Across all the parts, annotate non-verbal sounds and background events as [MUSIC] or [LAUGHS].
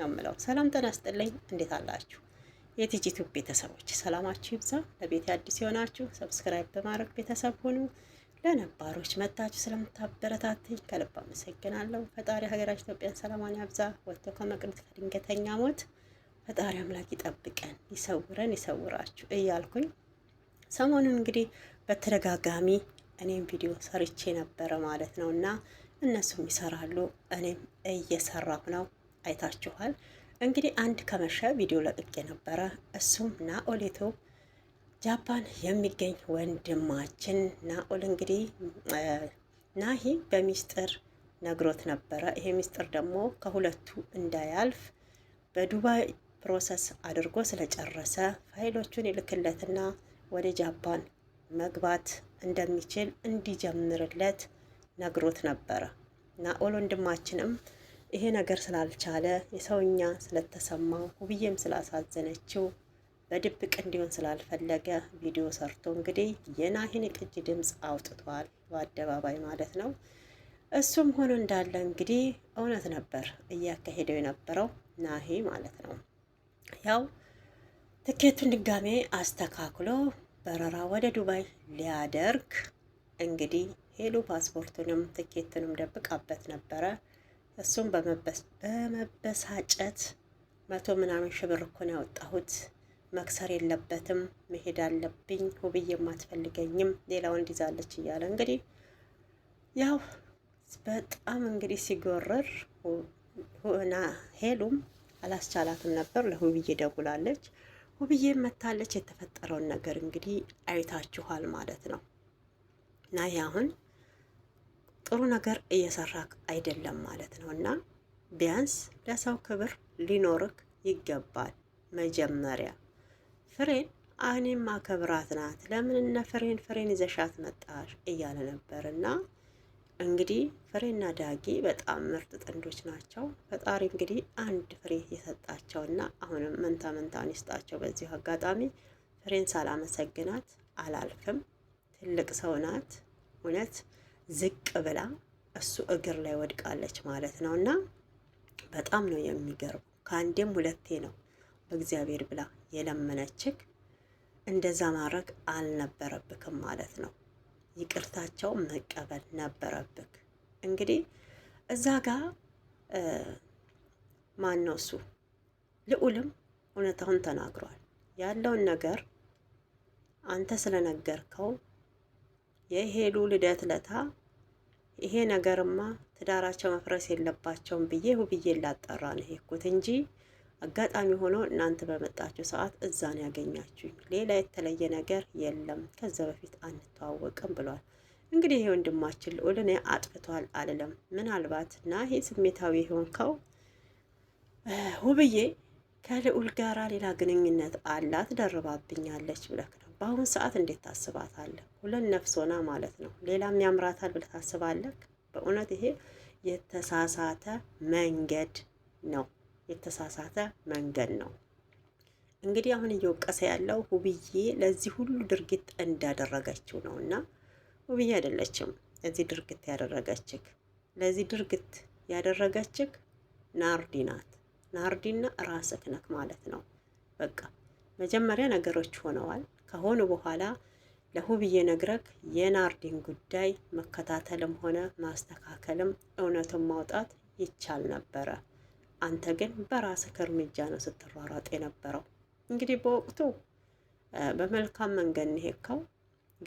ነው የምለው። ሰላም ጤና ይስጥልኝ። እንዴት አላችሁ? የቲጂ ቲዩብ ቤተሰቦች ሰላማችሁ ይብዛ። ለቤት አዲስ የሆናችሁ ሰብስክራይብ በማድረግ ቤተሰብ ሁኑ። ለነባሮች መታችሁ ስለምታበረታትኝ ከልብ አመሰግናለሁ። ፈጣሪ ሀገራችን ኢትዮጵያን ሰላማን ያብዛ። ወጥቶ ከመቅረት ከድንገተኛ ሞት ፈጣሪ አምላክ ይጠብቀን፣ ይሰውረን፣ ይሰውራችሁ እያልኩኝ ሰሞኑን እንግዲህ በተደጋጋሚ እኔም ቪዲዮ ሰርቼ ነበረ ማለት ነው እና እነሱም ይሰራሉ እኔም እየሰራሁ ነው አይታችኋል። እንግዲህ አንድ ከመሸ ቪዲዮ ለቅቄ ነበረ። እሱም ናኦሌቶ ጃፓን የሚገኝ ወንድማችን ናኦል እንግዲህ ናሂ በሚስጥር ነግሮት ነበረ። ይሄ ሚስጥር ደግሞ ከሁለቱ እንዳያልፍ በዱባይ ፕሮሰስ አድርጎ ስለጨረሰ ፋይሎቹን ይልክለትና ወደ ጃፓን መግባት እንደሚችል እንዲጀምርለት ነግሮት ነበረ። ናኦል ወንድማችንም ይሄ ነገር ስላልቻለ የሰውኛ ስለተሰማው ሁብዬም ስላሳዘነችው በድብቅ እንዲሆን ስላልፈለገ ቪዲዮ ሰርቶ እንግዲህ የናሂን ቅጅ ድምፅ አውጥቷል፣ በአደባባይ ማለት ነው። እሱም ሆኖ እንዳለ እንግዲህ እውነት ነበር እያካሄደው የነበረው ናሂ ማለት ነው። ያው ትኬቱን ድጋሜ አስተካክሎ በረራ ወደ ዱባይ ሊያደርግ እንግዲህ ሄሉ ፓስፖርቱንም ትኬቱንም ደብቃበት ነበረ። እሱም በመበሳጨት መቶ ምናምን ሺህ ብር እኮ ነው ያወጣሁት፣ መክሰር የለበትም መሄድ አለብኝ፣ ውብዬም አትፈልገኝም፣ ሌላ ወንድ ይዛለች እያለ እንግዲህ ያው በጣም እንግዲህ ሲጎረር ሆና ሄሉም አላስቻላትም ነበር። ለሁብዬ ደውላለች። ሁብዬ መታለች። የተፈጠረውን ነገር እንግዲህ አይታችኋል ማለት ነው። ናይ አሁን ጥሩ ነገር እየሰራክ አይደለም ማለት ነው። እና ቢያንስ ለሰው ክብር ሊኖርክ ይገባል። መጀመሪያ ፍሬን እኔም ማከብራት ናት። ለምን እነ ፍሬን ፍሬን ይዘሻት መጣሽ እያለ ነበር እና እንግዲህ ፍሬና ዳጊ በጣም ምርጥ ጥንዶች ናቸው። ፈጣሪ እንግዲህ አንድ ፍሬ እና አሁንም መንታ መንታን ይስጣቸው። በዚሁ አጋጣሚ ፍሬን ሳላመሰግናት አላልፍም። ትልቅ ሰው ናት እውነት ዝቅ ብላ እሱ እግር ላይ ወድቃለች ማለት ነው። እና በጣም ነው የሚገርመው ከአንዴም ሁለቴ ነው በእግዚአብሔር ብላ የለመነችክ። እንደዛ ማድረግ አልነበረብክም ማለት ነው። ይቅርታቸው መቀበል ነበረብክ። እንግዲህ እዛ ጋ ማን ነው እሱ ልዑልም እውነታውን ተናግሯል። ያለውን ነገር አንተ ስለነገርከው የሄሉ ልደት ለታ ይሄ ነገርማ ትዳራቸው መፍረስ የለባቸውም ብዬ ሁብዬ ላጠራ ነው ሄድኩት እንጂ አጋጣሚ ሆኖ እናንተ በመጣችሁ ሰዓት እዛ ነው ያገኛችሁኝ። ሌላ የተለየ ነገር የለም፣ ከዛ በፊት አንተዋወቅም ብሏል። እንግዲህ ይሄ ወንድማችን ልዑል እኔ አጥፍቷል አልልም። ምናልባት እና ይህ ስሜታዊ የሆንከው ሁብዬ ከልዑል ጋራ ሌላ ግንኙነት አላት ደርባብኛለች ብለክ ነው በአሁን ሰዓት እንዴት ታስባታለህ? ሁለት ነፍስ ሆና ማለት ነው። ሌላም ያምራታል ብለህ ታስባለህ? በእውነት ይሄ የተሳሳተ መንገድ ነው። የተሳሳተ መንገድ ነው። እንግዲህ አሁን እየወቀሰ ያለው ሁብዬ ለዚህ ሁሉ ድርጊት እንዳደረገችው ነው። እና ሁብዬ አይደለችም ለዚህ ድርጊት ያደረገችክ። ለዚህ ድርጊት ያደረገችክ ናርዲ ናት። ናርዲና ራስክ ነክ ማለት ነው። በቃ መጀመሪያ ነገሮች ሆነዋል። ከሆነ በኋላ ለሁብዬ ነግረክ የናርዲን ጉዳይ መከታተልም ሆነ ማስተካከልም እውነቱን ማውጣት ይቻል ነበረ። አንተ ግን በራስህ እርምጃ ነው ስትሯሯጥ የነበረው። እንግዲህ በወቅቱ በመልካም መንገድ ነው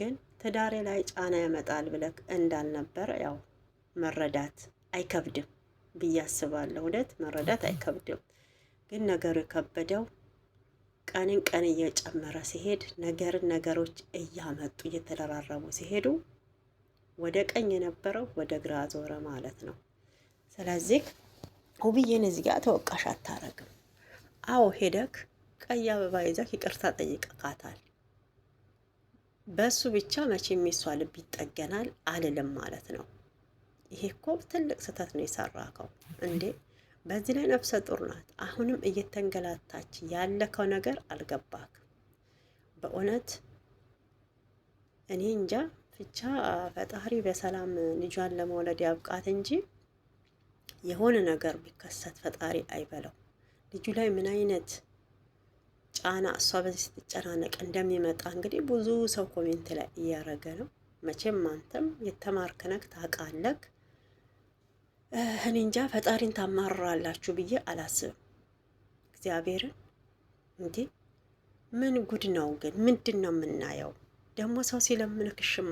ግን ትዳሬ ላይ ጫና ያመጣል ብለክ እንዳልነበረ ያው መረዳት አይከብድም ብዬ አስባለሁ። እውነት መረዳት አይከብድም፣ ግን ነገሩ የከበደው ቀንን ቀን እየጨመረ ሲሄድ ነገርን ነገሮች እያመጡ እየተደራረቡ ሲሄዱ ወደ ቀኝ የነበረው ወደ ግራ ዞረ ማለት ነው። ስለዚህ ውብዬን እዚህ ጋር ተወቃሽ አታረግም። አዎ ሄደክ ቀይ አበባ ይዘህ ይቅርታ ጠይቀካታል። በሱ ብቻ መቼ የሷ ልብ ይጠገናል አልልም ማለት ነው። ይሄ እኮ ትልቅ ስህተት ነው የሰራከው እንዴ በዚህ ላይ ነፍሰ ጡር ናት። አሁንም እየተንገላታች ያለከው ነገር አልገባክም። በእውነት እኔ እንጃ ብቻ ፈጣሪ በሰላም ልጇን ለመውለድ ያብቃት እንጂ የሆነ ነገር ቢከሰት ፈጣሪ አይበለው። ልጁ ላይ ምን አይነት ጫና እሷ በዚህ ስትጨናነቅ እንደሚመጣ እንግዲህ ብዙ ሰው ኮሜንት ላይ እያደረገ ነው። መቼም አንተም የተማርክ ነህ ታውቃለህ። እኔ እንጃ ፈጣሪን ታማርራላችሁ ብዬ አላስብም። እግዚአብሔርን እንዴ ምን ጉድ ነው ግን? ምንድን ነው የምናየው? ደግሞ ሰው ሲለምን ክሽም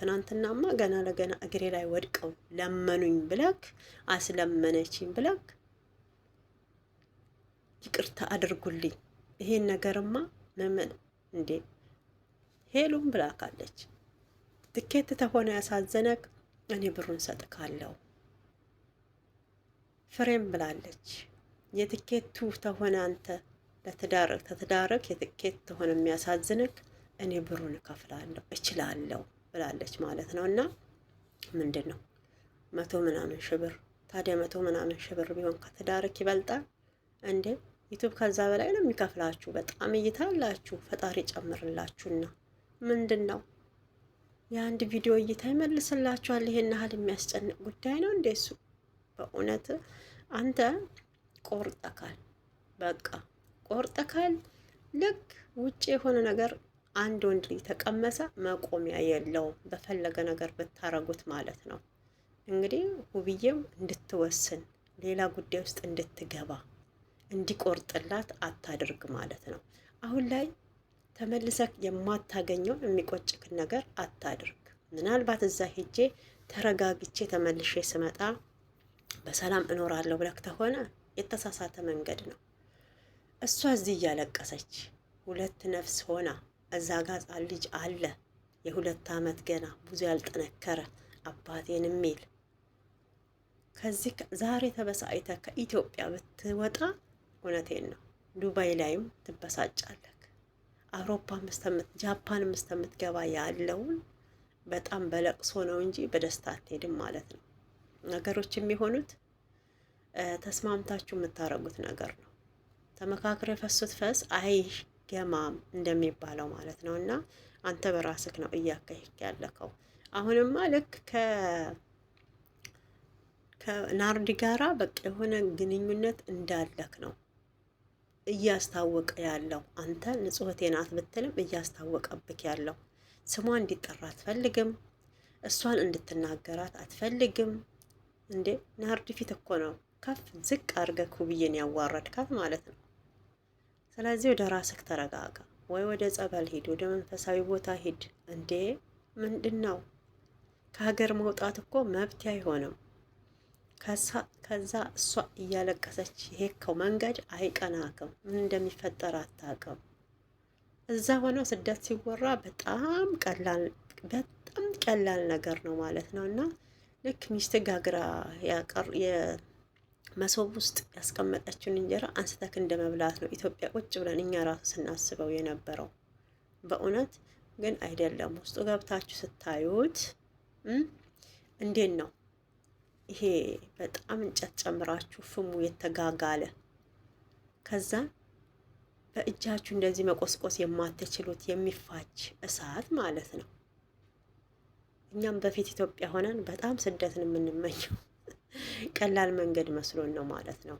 ትናንትናማ ገና ለገና እግሬ ላይ ወድቀው ለመኑኝ ብለክ አስለመነችኝ ብለክ ይቅርታ አድርጉልኝ፣ ይሄን ነገርማ መመን እንዴ ሄሉም ብላካለች። ትኬት ተሆነ ያሳዘነክ እኔ ብሩን ሰጥካለሁ ፍሬም ብላለች። የትኬቱ ተሆነ አንተ ለትዳርክ ተትዳርክ የትኬት ተሆነ የሚያሳዝንክ እኔ ብሩን እከፍላለሁ እችላለሁ ብላለች ማለት ነው። እና ምንድን ነው መቶ ምናምን ሺህ ብር ታዲያ መቶ ምናምን ሺህ ብር ቢሆን ከትዳርክ ይበልጣል እንዴ? ዩቱብ ከዛ በላይ ነው የሚከፍላችሁ። በጣም እይታ አላችሁ። ፈጣሪ ጨምርላችሁና ምንድን ነው የአንድ ቪዲዮ እይታ ይመልስላችኋል። ይሄን ያህል የሚያስጨንቅ ጉዳይ ነው እንዴ እሱ? በእውነት አንተ ቆርጠካል፣ በቃ ቆርጠካል። ልክ ውጭ የሆነ ነገር አንድ ወንድ ልጅ ተቀመሰ መቆሚያ የለውም። በፈለገ ነገር ብታረጉት ማለት ነው። እንግዲህ ውብዬም እንድትወስን ሌላ ጉዳይ ውስጥ እንድትገባ እንዲቆርጥላት አታድርግ ማለት ነው። አሁን ላይ ተመልሰክ የማታገኘውን የሚቆጭክን ነገር አታድርግ። ምናልባት እዛ ሄጄ ተረጋግቼ ተመልሼ ስመጣ በሰላም እኖራለሁ ብለህ ከሆነ የተሳሳተ መንገድ ነው። እሷ እዚህ እያለቀሰች ሁለት ነፍስ ሆና እዛ ጋ ጻ ልጅ አለ የሁለት አመት ገና ብዙ ያልጠነከረ አባቴን የሚል ከዚህ ዛሬ ተበሳይተ ከኢትዮጵያ ብትወጣ እውነቴን ነው ዱባይ ላይም ትበሳጫለክ አውሮፓ ስተምት ጃፓን ምስተምትገባ ያለውን በጣም በለቅሶ ነው እንጂ በደስታ አትሄድም ማለት ነው። ነገሮች የሚሆኑት ተስማምታችሁ የምታረጉት ነገር ነው። ተመካክሮ የፈሱት ፈስ አይገማም እንደሚባለው ማለት ነው። እና አንተ በራስህ ነው እያካሄድክ ያለከው። አሁንማ ልክ ከ ከናርዲ ጋራ በቃ የሆነ ግንኙነት እንዳለክ ነው እያስታወቀ ያለው። አንተ ንጹሕቴ ናት ብትልም እያስታወቀብክ ያለው ስሟ እንዲጠራ አትፈልግም። እሷን እንድትናገራት አትፈልግም። እንዴ ናርዲ ፊት እኮ ነው ከፍ ዝቅ አድርገህ ኩብዬን ያዋረድካት ማለት ነው። ስለዚህ ወደ ራስክ ተረጋጋ፣ ወይ ወደ ጸበል ሂድ፣ ወደ መንፈሳዊ ቦታ ሂድ። እንዴ ምንድን ነው ከሀገር መውጣት እኮ መብት አይሆንም። ከዛ እሷ እያለቀሰች ይሄከው መንገድ አይቀናክም። ምን እንደሚፈጠር አታውቅም። እዛ ሆነው ስደት ሲወራ በጣም ቀላል በጣም ቀላል ነገር ነው ማለት ነው እና ልክ ሚስት ጋግራ የመሶብ ውስጥ ያስቀመጠችውን እንጀራ አንስተክ እንደ መብላት ነው። ኢትዮጵያ ቁጭ ብለን እኛ ራሱ ስናስበው የነበረው በእውነት ግን አይደለም። ውስጡ ገብታችሁ ስታዩት እንዴት ነው ይሄ? በጣም እንጨት ጨምራችሁ ፍሙ የተጋጋለ ከዛ በእጃችሁ እንደዚህ መቆስቆስ የማትችሉት የሚፋጅ እሳት ማለት ነው። እኛም በፊት ኢትዮጵያ ሆነን በጣም ስደትን የምንመኘው [LAUGHS] ቀላል መንገድ መስሎን ነው ማለት ነው።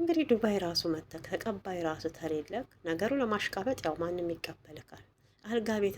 እንግዲህ ዱባይ ራሱ መተክ ተቀባይ ራሱ ተሌለክ ነገሩ ለማሽቃበጥ ያው ማንም ይቀበልካል። አልጋ ቤት